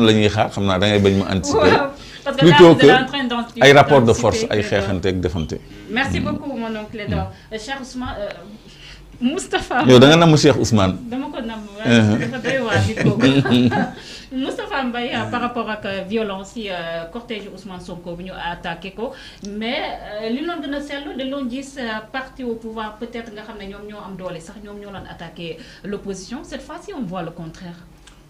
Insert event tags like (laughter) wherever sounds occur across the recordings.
noonu la ñuy xaar xam naa da ngay bañ ma anticiper. parce que plutôt que ay rapport de force ay xeexante ak defante. merci mm. beaucoup mon oncle Edor. Mm. Euh, cher Ousmane euh, Moustapha. yow da nga namm Cheikh Ousmane. dama ko namm uh-huh. dafa doy waar di ko. (laughs) (laughs) Moustapha Mbaye euh, par rapport ak violence yi cortège Ousmane Sonko bi ñu attaqué ko mais li loon gën a seetlu da loon gis parti au pouvoir peut-être nga xam ne ñoom ñoo am doole sax ñoom ñoo loon attaqué l'opposition cette fois-ci on voit le contraire.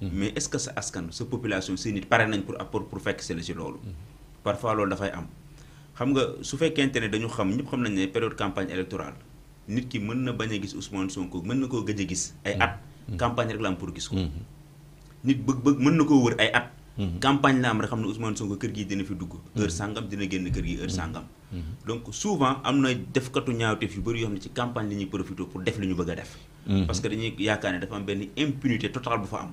Mhm. mais est ce que sa askan sa population say nit paré nañ pour apport pour fekk si la si loolu mhm. parfois loolu am xam nga su fekkente ne dañu xam ñep xam nañ né période campagne électorale nit ki mën na baña gis Ousmane Sonko mën na ko gëj gis ay at mhm. campagne rek la am pour gis ko nit bëgg bëgg mën na ko wër ay at campagne la am rek xam na Ousmane Sonko kër gi dina fi dugg heure sangam dina génn kër gi heure sangam donc souvent am na defkatu ñaawte fi bëri yo xam ci campagne li ñuy profité pour def li ñu bëgg a def parce que dañuy yaakaar dafa am benn impunité totale bu fa am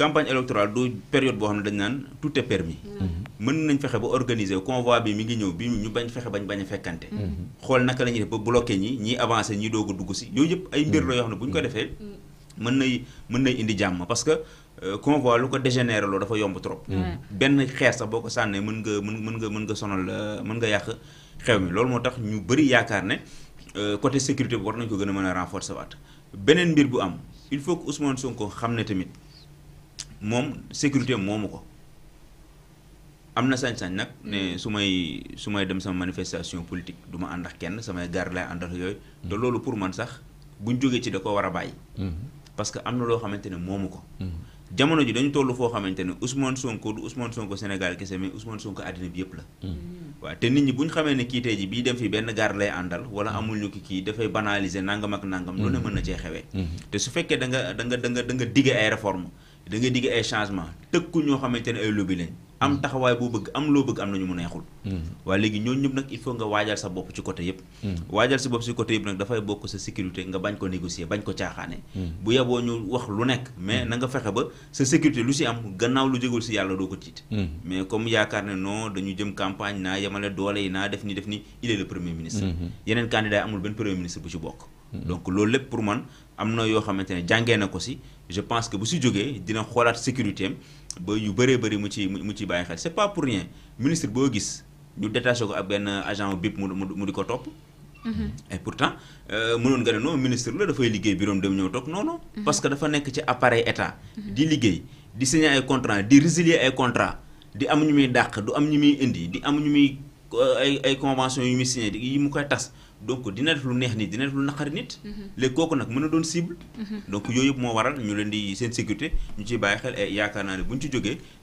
campagne électorale do période bo xamne dañ nan tout est permis meun mm-hmm. nañ fexé ba organiser convoi bi mi ngi ñew bi ñu bañ fexé bañ bañ a fekkante mm-hmm. xol naka lañu ñuy def ba bloqué ñi ñi avancer ñi dogu a dugg si yooyu yëpp ay mbir la mm-hmm. yo xam buñ ko défé meun nay meun nay indi jàmm parce que euh, convoi lu ko dégénérer lo dafa yomb trop ben xeer sax boo ko sànnee nga meun nga meun nga sonal meun nga yàq xew mi loolu moo ñu bari yaakaar ne euh, côté sécurité war nañ ko gën a renforcer wat benen mbir bu am il faut que Ousmane Sonko xamné tamit moom sécurité moomu ko am na sañ-sañ nag ne mm. su may su may dem sama manifestation politique du ma ànd ak kenn samay garde lay ànd yooyu te mm. loolu pour man sax bu ñu jógee ci da ko war a bàyyi mm. parce que am na loo xamante ne moomu ko jamono ji dañu toll foo xamante ne Ousmane Sonko du Ousmane Sonko Sénégal kese mais Ousmane Sonko àddina bi yëpp la. waaw te nit ñi bu ñu xamee ne kii tey ji bii dem fi benn gaar lay àndal wala amul ñu ki kii dafay banaliser nangam ak nangam. lu ne mën na cee xewee. su fekkee da nga da nga da nga da ay réforme da ngay digg ay changement tëkku ñoo xamante ne ay lobby lañ am mm-hmm. taxawaay boo bëgg am loo bëgg am nañu mu neexul mm-hmm. waaye léegi ñoo ñëpp nag il faut nga waajal sa bopp ci côté yëpp mm-hmm. waajal sa bopp si côté yëpp nag dafay bokk sa sécurité nga bañ ko négocier bañ ko caaxaane bu yeboo ñu wax lu nekk mais na nga fexe ba sa sécurité lu si am gannaaw lu jógul si yàlla doo ko tiit mais comme yaakaar ne non dañu jëm campagne naa yemale doole yi naa def ni def ni il est le premier ministre yeneen candidat yi amul benn premier ministre bu ci bokk donc loolu pour man am na yoo xamante je pense que bu si jógee dina xoolaat sécurité am ba yu bëree mu ci mu pas pour rien ministre boo ñu détaché ko ak benn agent BIP mu mu di ko mm-hmm. et pourtant euh, mënoon ne non ministre la dafay liggéey bureau dem ñëw toog non non. Mm-hmm. parce que dafa nekk ci appareil état. Mm-hmm. di liggéey di signer ay contrat di résilier ay contrat di am ñu muy dàq du am ñu indi di am ñu Euh, ay ay convention yu muy signé yi mu koy tas donc dina def lu neex nit dina def lu naqari nit. Mhm. léegi kooku nag mun na doon sible mhm. donc yooyu yëpp moo waral ñu leen di seen sécurité ñu ci bàyyi xel yaakaar naa ne bu ñu ci jógee.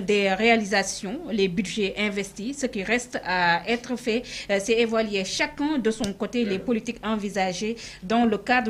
des réalisations, les budgets investis, ce qui reste à être fait, euh, c'est évaluer chacun de son côté les euh. politiques envisagées dans le cadre